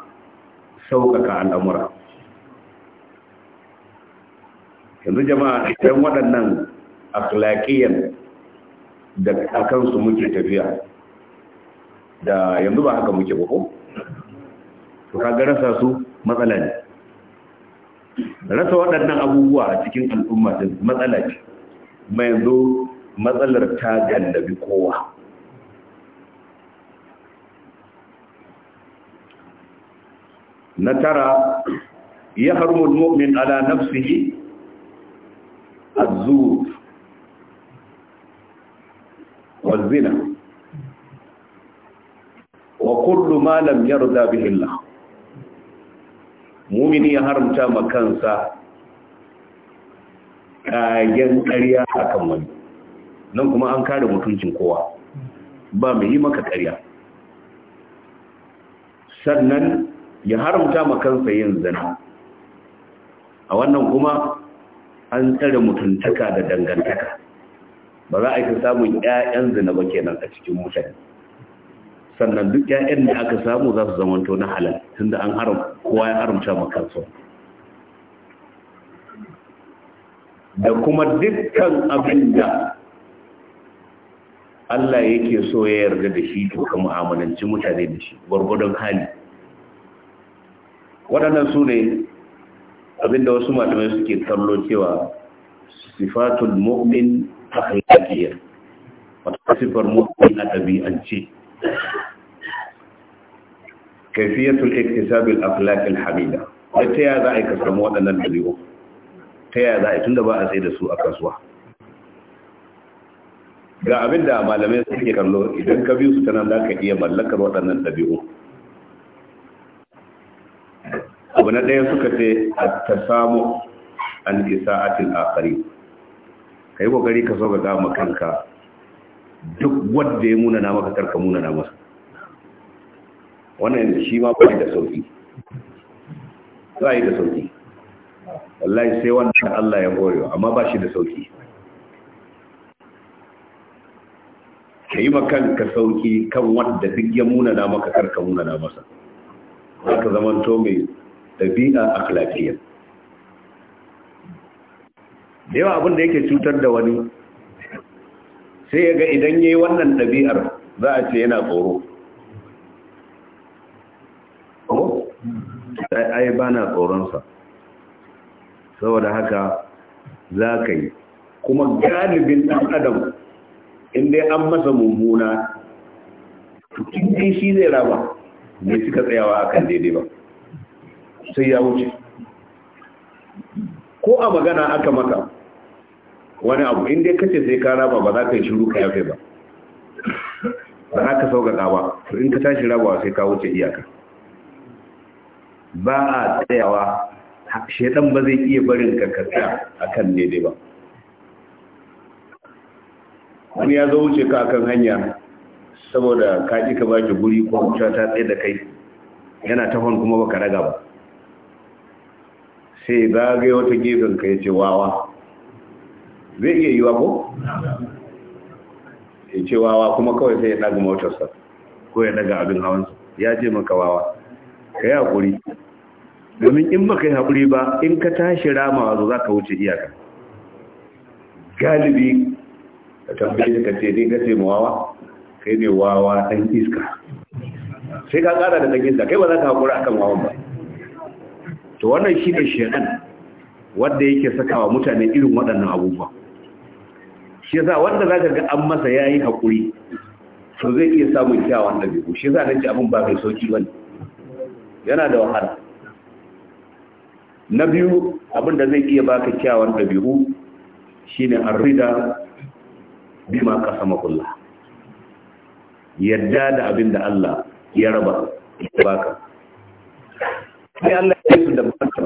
sauƙaƙa al'amura yanzu jama'a idan waɗannan akhlaqiyan da akan su muke tafiya da yanzu ba haka muke ba ko to ga rasa su matsala ne rasa waɗannan abubuwa a cikin al'umma din matsala ce mai yanzu matsalar ta gallabi kowa na tara ya harmul mu'min ala nafsihi az-zur والزنا وكل ما لم يرضى به الله مؤمن ya haramta ma kansa kayan ƙarya akan wani nan kuma an kare mutuncin kowa ba mai yi maka ƙarya sannan ya haramta ma kansa yin zina a wannan kuma an tsare mutuntaka da dangantaka ba za a yi samun ƴaƴan zina ba kenan a cikin mutane sannan duk ƴaƴan da aka samu za su zamanto na halal tunda an haram kowa ya haramta ma da kuma dukkan abin da Allah yake so ya yarda da shi to ka mu'amalanci mutane da shi gwargwadon hali waɗannan su ne abinda wasu malamai suke kallo cewa sifatul mu'min akhlaqiyya wata sifar mu'min na ɗabi'ance kaifiyatul iktisab al akhlaq al hamida ta ya za a yi ka samu waɗannan ɗabi'u ta ya za a yi tunda ba a sai da su a kasuwa ga abinda malamai suke kallo idan ka bi su tana da za ka iya mallakar waɗannan ɗabi'u abu na ɗaya suka ce at ta an isa atin akari ka yi kokari ka so ga ma kanka duk wadda ya munana maka karka munana masa wannan shi ma ba da sauƙi za a yi da sauƙi wallahi sai wannan Allah ya gorewa amma ba shi da sauƙi ka yi makanka sauki kan wadda duk ya munana maka karka munana masa za ka zamanto mai ɗabi'a akhlaqiyya da yawa abin da yake cutar da wani sai ya ga idan ya yi wannan ɗabi'ar za a ce yana tsoro ai ba na tsoronsa saboda haka za ka yi kuma galibin ɗan adam inda an masa mummuna cikin shi zai raba mai suka tsayawa a kan daidai ba sai ya wuce ko a magana aka maka wani abu inda ka ce sai ka raba ba za ka yi shiru ka yafe ba ba za ka sauƙaƙa ba to in ka tashi raba sai ka wuce iyaka ba a tsayawa shaidan ba zai iya barin ka tsaya a kan daidai ba wani ya zo wuce ka akan hanya saboda ka ji ka baki guri ko wuta ta tsaye da kai yana tafan kuma baka raga ba sai zagaye wata gefen ka ya ce wawa zai iya yiwa ko? ya ce wawa kuma kawai sai ya ɗaga motarsa ko ya ɗaga abin hawansa ya ce maka wawa ka yi haƙuri domin in ba ka yi haƙuri ba in ka tashi rama wazo za ka wuce iyaka galibi ka tambaye ka ce ne ka ce ma wawa kai ne wawa ɗan iska sai ka ƙara da ɗan iska kai ba za ka haƙura akan wawan ba to wannan shi ne shekan wadda yake sakawa mutane irin waɗannan abubuwa shi yasa wanda zaka ga an masa ya yi hakuri to zai iya samun kyawun dabi'u shi yasa nace abin ba mai sauki bane yana da wahala na biyu abin da zai iya baka kyawun dabi'u shine arrida bima qasama makulla yadda da abin da Allah ya raba baka sai Allah ya su da baka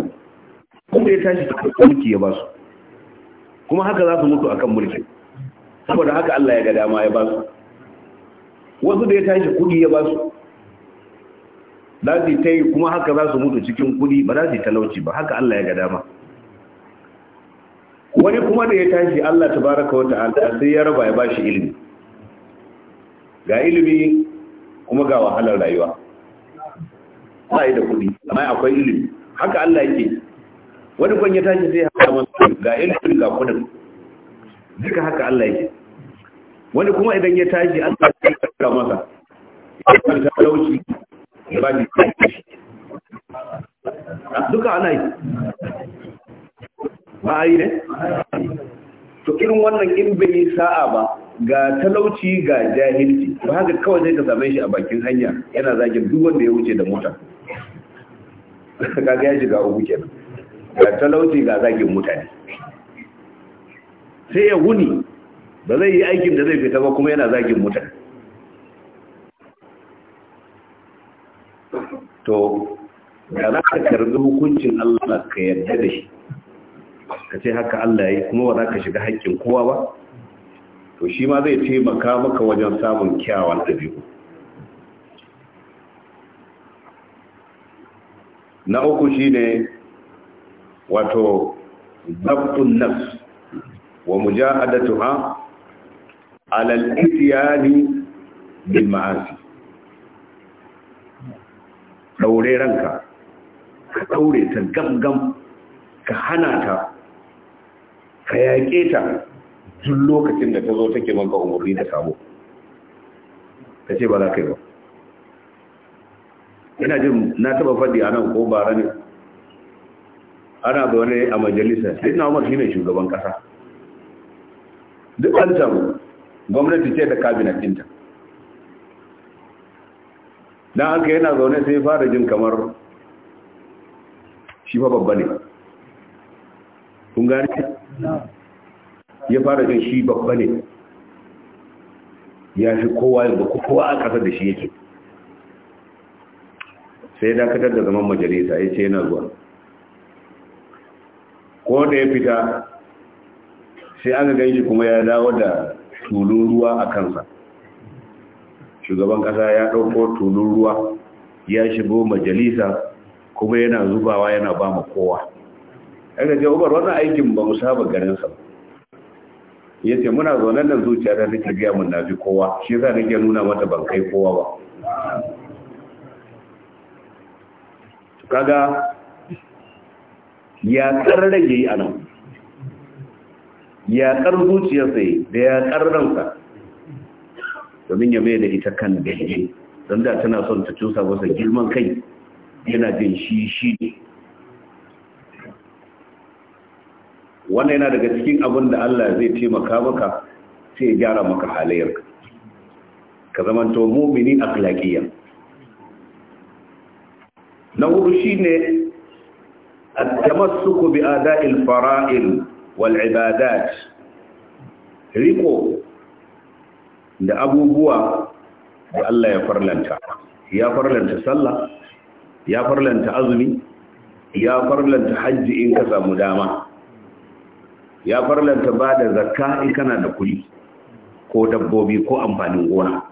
wanda ya tashi ta kuma haka za su mutu akan mulki saboda haka Allah ya ga dama ya ba su wasu da ya tashi kuɗi ya ba su lati ta yi kuma haka za su mutu cikin kuɗi ba za su yi talauci ba haka Allah ya ga dama wani kuma da ya tashi Allah ta baraka wata ta'ala sai ya raba ya ba shi ilimi ga ilimi kuma ga wahalar rayuwa ba yi da kuɗi amma akwai ilimi haka Allah yake wani kwan ya tashi sai haɗa masu ga ilimi ga kudin duka haka Allah yake wani kuma idan ya tashi an tashi ga masa ya kwanta talauci ya ba shi duka ana yi ba a yi ne to irin wannan in bai yi sa'a ba ga talauci ga jahilci ba haka kawai zai ka same shi a bakin hanya yana zagin duk wanda ya wuce da mota kaga ya shiga uku kenan ga talauci ga zagin mutane sai ya wuni ba zai yi aikin da zai fita ba kuma yana zagin mutane to da za ka karbi hukuncin Allah ka yadda da shi ka ce haka Allah ya kuma ba za ka shiga haƙƙin kowa ba to shi ma zai taimaka maka wajen samun kyawawan ɗabi'u na uku shi ne wato zaɓin nas wa ha? alal isyani bil ma'asi daure ranka ka daure ta gamgam ka hana ta ka yaƙe ta tun lokacin da ta zo take maka umarni da sabo ta ce ba za ka yi ba ina jin na taba faɗi a nan ko bara ne ana da wani a majalisa sai na umar shine shugaban ƙasa duk an samu gwamnati ce da kabinatinta don haka yana zaune sai fara jin kamar shi fa babba ne ƙungari ya fara jin shi babba ne ya fi kowa yanzu kowa a ƙasar da shi yake sai dakatar da zaman majalisa ya ce yana zuwa ko da ya fita sai an gan shi kuma ya dawo da tulun ruwa a kansa shugaban kasa ya ɗauko tulun ruwa ya shigo majalisa kuma yana zubawa yana ba mu kowa daga ce umar wannan aikin ba mu saba garinsa ya ce muna zaune da zuciya ta nake biya mun nafi kowa shi yasa nake nuna mata ban kai kowa ba kaga ya tsarrage yi a nan Ya yaƙar zuciyarsa yi da yaƙar ransa domin ya mai da ita kan daidai don da tana son ta cusa masa girman kai yana jin shi shi ne wannan yana daga cikin abin da Allah zai taimaka maka sai gyara maka halayyarka ka zamanto mumini akhlaqiyyan na hudu a at suku bi a da'il fara'il wal riko da abubuwa da Allah ya farlanta ya farlanta sallah ya farlanta azumi ya farlanta hajji in ka samu dama ya farlanta ba da zakka in kana da kuɗi ko dabbobi ko amfanin gona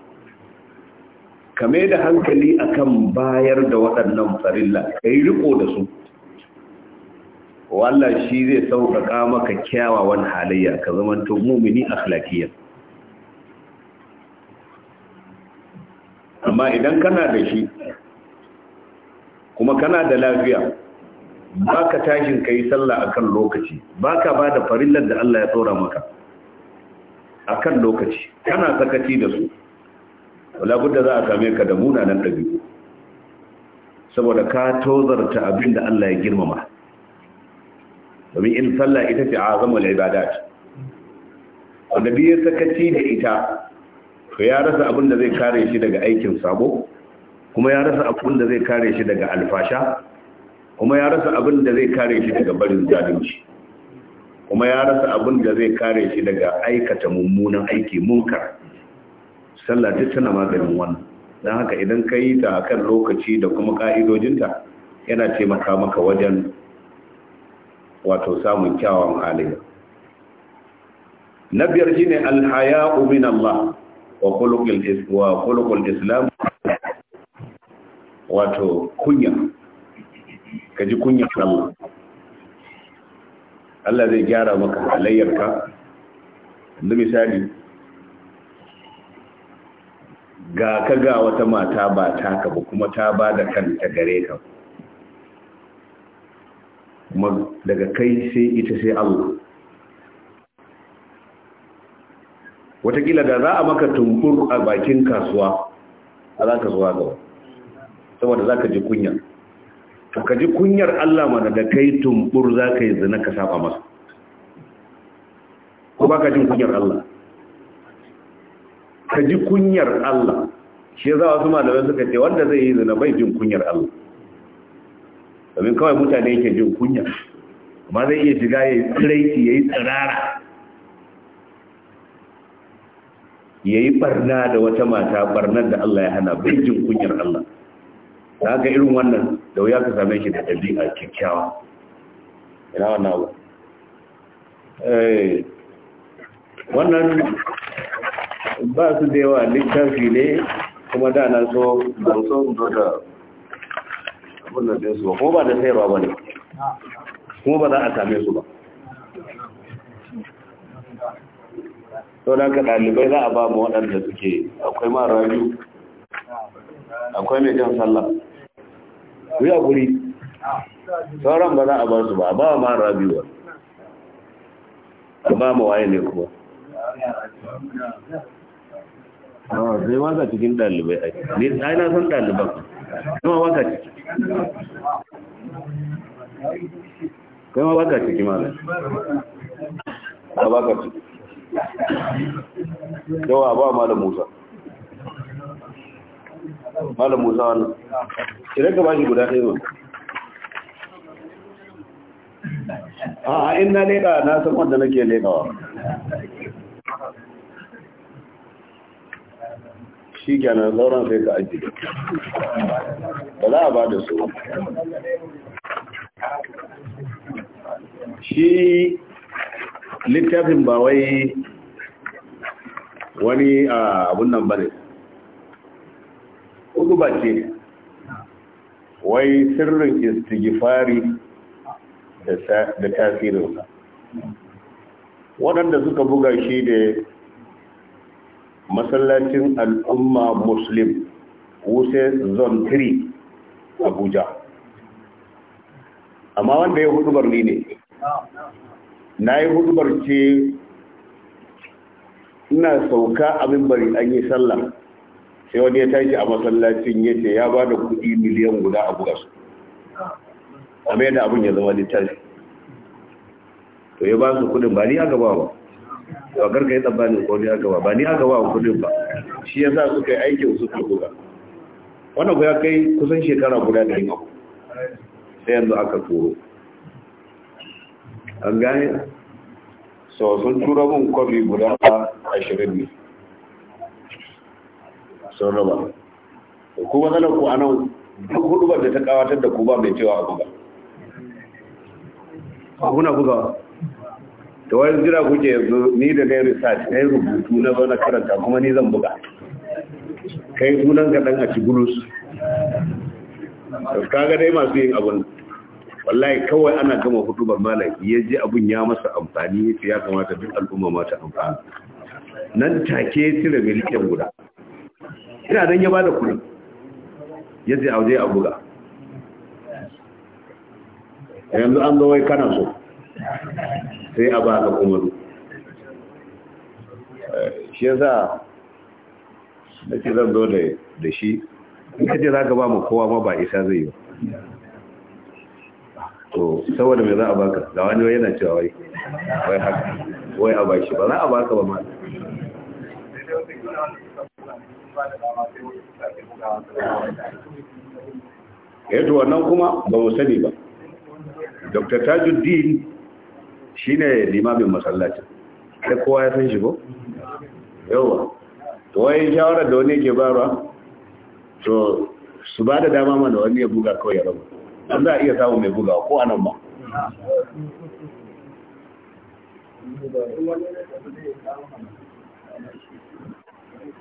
kame da hankali akan bayar da waɗannan farilla ka yi riko da su wallah shi zai sauƙaƙa maka kyawawan halayya ka zamanto mumini akhlaqiyya amma idan kana da shi kuma kana da lafiya baka tashin kai sallah akan lokaci baka bada farillar da Allah ya tsora maka akan lokaci kana sakaci da su wala gudda za a same ka da munanan dabi'u saboda ka tozarta abin da Allah ya girmama domin in sallah ita ce a zama ibadat wanda biyu sakaci da ita to ya rasa abin da zai kare shi daga aikin sabo kuma ya rasa abin da zai kare shi daga alfasha kuma ya rasa abin da zai kare shi daga barin zalunci kuma ya rasa abin da zai kare shi daga aikata mummunan aiki munkar sallah duk tana maganin wannan don haka idan ka yi ta kan lokaci da kuma ka'idojinta yana taimaka maka wajen wato samun kyawun halayya na biyar ne alhaya umin Allah wa kulukul islam wato kunya kaji kunya Allah Allah zai gyara maka halayyarka da misali ga ka ga wata mata ba taka ba kuma ta ba da kanta gare ka kuma daga kai sai ita sai Allah watakila da za a maka tumbur a bakin kasuwa a za ka zuwa gaba saboda za ka ji kunya to ka ji kunyar Allah mana da kai tumbur za ka yi zina ka saba masa ko ba ka jin kunyar Allah ka ji kunyar Allah shi za wasu malamai suka ce wanda zai yi zina bai jin kunyar Allah abin kawai mutane yake jin kunya amma zai iya shiga ya yi tsiraiti ya yi tsirara ya yi barna da wata mata barnar da Allah ya hana bai jin kunyar Allah da haka irin wannan da wuya ka same shi da ɗabi'a kyakkyawa ina wannan abu eh, wannan ba su da yawa littafi ne kuma da na so ban so da wannan su ba kuma ba da sayarwa ba ne kuma ba za a same su ba sau da ka dalibai za a ba mu waɗanda suke akwai ma rayu akwai mai jan sallah ku a guri sauran ba za a ba su ba ba ma rabiwa a ba ma waye ne kuma zai ah, ma za cikin dalibai ai na san daliban kuma baka ciki kuma baka ciki malam a baka ciki yawa ba malam musa malam musa wani idan ka bashi guda ɗaya ba a ina leka na san wanda nake lekawa shi kenan sauran sai ka ajiye ba za a ba da su shi littafin ba wai wani abun nan bane uku ba ce wai sirrin istigifari da tasirinsa waɗanda suka buga shi da masallacin al'umma muslim wuse zone 3 abuja amma wanda ya hudubar ni ne na yi hudubar ce ina sauka abin bari an yi sallah sai wani ya tashi a masallacin ya ce ya ba da kudi miliyan guda a buga su amma yana abin ya zama littafi to ya ba su kudin ba ni a gaba ba to karka yi tsammanin kodi aka ba ba ni aka ba kudin ba shi yasa suka yi aikin su kuka wannan ya kai kusan shekara guda da yin abu sai yanzu aka turo an gani sau sun tura mun kwabi guda ashirin ne sun raba ku matsalar ku a nan duk hudu ba da ta kawatar da ku ba mai cewa abu ba kuna bugawa to wani jira kuke yanzu ni da kai research kai rubutu na zo na karanta kuma ni zan buga kai sunan ka dan a cigulus to kaga dai masu yin abun wallahi kawai ana gama hutubar malai ya ji abun ya masa amfani ya ce ya kamata duk al'umma ma ta amfana nan take cire miliyan guda ina dan ya bada kuɗi ya ce a waje a buga yanzu an zo wai kana so sai a ba ga umaru shi yasa a ce zan zo da shi in ce za ka ba mu kowa ma ba isa zai yi to saboda mai za a baka ga wani yana cewa wai wai haka wai a bashi ba za a baka ba ma yato eh, wannan kuma ba mu sani ba dr tajuddin shi ne limamin masallacin sai kowa ya san shi ko? yawa to wai shawarar da wani ke barwa to su ba da dama mana wani ya buga kawai ya rabu an za a iya samun mai bugawa ko anan ba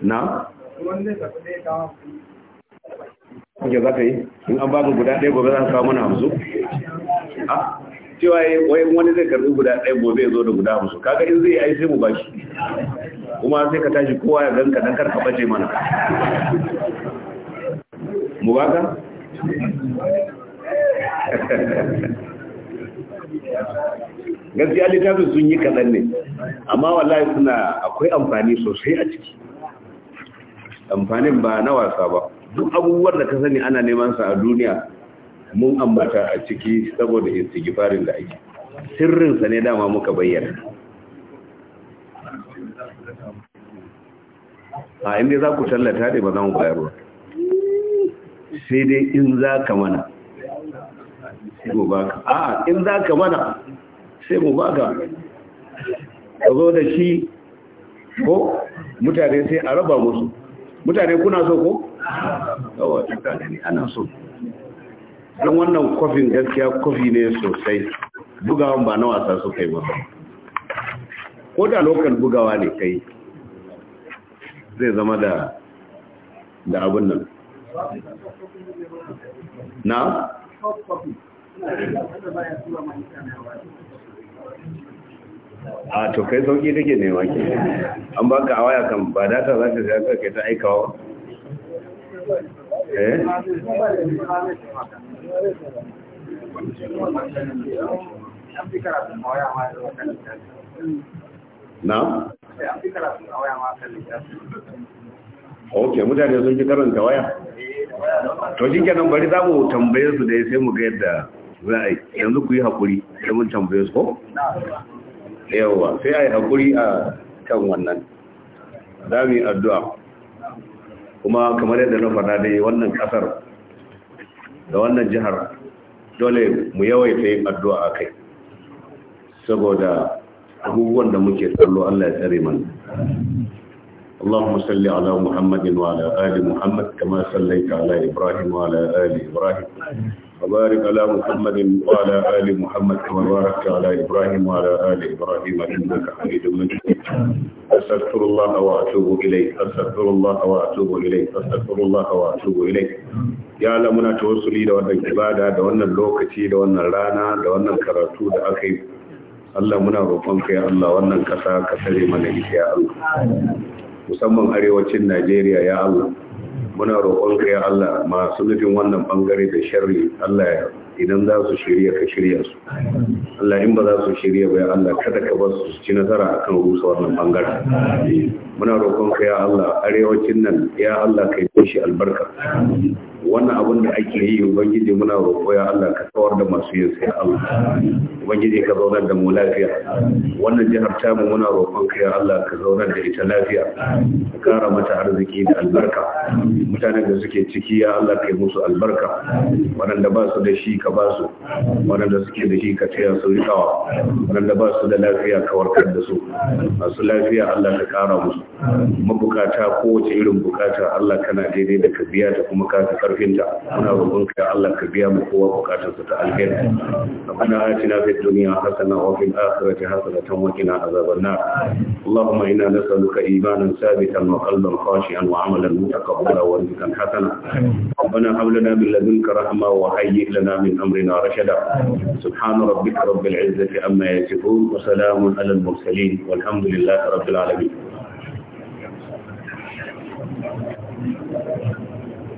na? Kuke za ka yi? In an ba guda ɗaya gobe za ka kawo mana hamsu? Ha? Ah? cewa wai wani zai karbi guda ɗaya gobe ya zo da guda musu kaga in zai ai sai mu bashi kuma sai ka tashi kowa ya ganka dan kar ka bace mana mu ba ka? gaskiya littafin sun yi kaɗan ne amma wallahi suna akwai amfani sosai a ciki amfanin ba na wasa ba duk abubuwan da ka sani ana neman sa a duniya mun ambata a ciki saboda istighfarin da ake sirrinsa ne dama muka bayyana a inda za ku tallata ne ba za mu bayarwa sai dai in za ka mana mu baka a in za ka mana sai mu baka ka zo da shi ko mutane sai a raba musu mutane kuna so ko? ne ana so don wannan kofin gaskiya kofi ne sosai bugawan ba na wasa suka yi ba ko da lokal bugawa ne kai zai zama da da abin nan na? a to kai sauki take nema ke an baka a waya kan ba data za ta zai kai ta aikawa eh na? ok mutane sun fi karanta waya to shi nan bari za mu tambaye su da ya sai mu ga yadda za a yi yanzu ku yi haƙuri sai mun tambaye su ko? Yawwa, sai a yi haƙuri a kan wannan za mu yi addu'a kuma kamar yadda na faɗa dai wannan ƙasar da wannan jihar dole mu yawaita yin addu'a a kai saboda abubuwan da muke tsallo Allah ya tsare mana اللهم صل على محمد وعلى آل محمد كما صليت على إبراهيم وعلى آل إبراهيم وبارك على محمد وعلى آل محمد كما باركت على إبراهيم وعلى آل إبراهيم إنك حميد مجيد أستغفر الله وأتوب إليه أستغفر الله وأتوب إليه أستغفر الله وأتوب إليه ya lamuna muna wasuli da wannan ibada da wannan lokaci da wannan rana da wannan karatu da aka yi Allah muna roƙon kai Allah wannan ƙasa ka tare mana ita ya Allah musamman arewacin Najeriya ya Allah muna roƙon kai Allah masu nufin wannan bangare da sharri Allah ya idan za su shirya ka shirya su Allah in ba za su shirya ba ya Allah kada ka bar su ci nasara akan rusa wannan bangare muna roƙon kai ya Allah arewacin nan ya Allah kai shi albarka wannan abin da ake yi ubangiji muna roƙo ya Allah ka kawar da masu yin sai Allah ubangiji ka zauna da mu lafiya wannan jihar ta mu muna roƙon ka ya Allah ka zauna da ita lafiya ka kara mata arziki da albarka mutanen da suke ciki ya Allah ka yi musu albarka waɗanda ba su da shi ka ba su waɗanda suke da shi ka taya su rikawa waɗanda ba su da lafiya ka warkar da su masu lafiya Allah ka kara musu mabukata kowace irin bukata Allah kana daidai da ka biya ta kuma ka fahimta muna roƙon ka Allah ka biya mu kowa bukatar sa ta alheri rabbana atina fid dunya hasana wa fil akhirati hasanatan wa qina azaban nar allahumma inna nas'aluka imanan sabitan wa qalban khashian wa amalan mutaqabbala wa rizqan hasana rabbana hab lana min ladunka rahma wa hayyi lana min amrina rashada subhana rabbika rabbil izzati amma yasifun wa salamun alal mursalin والحمد لله رب العالمين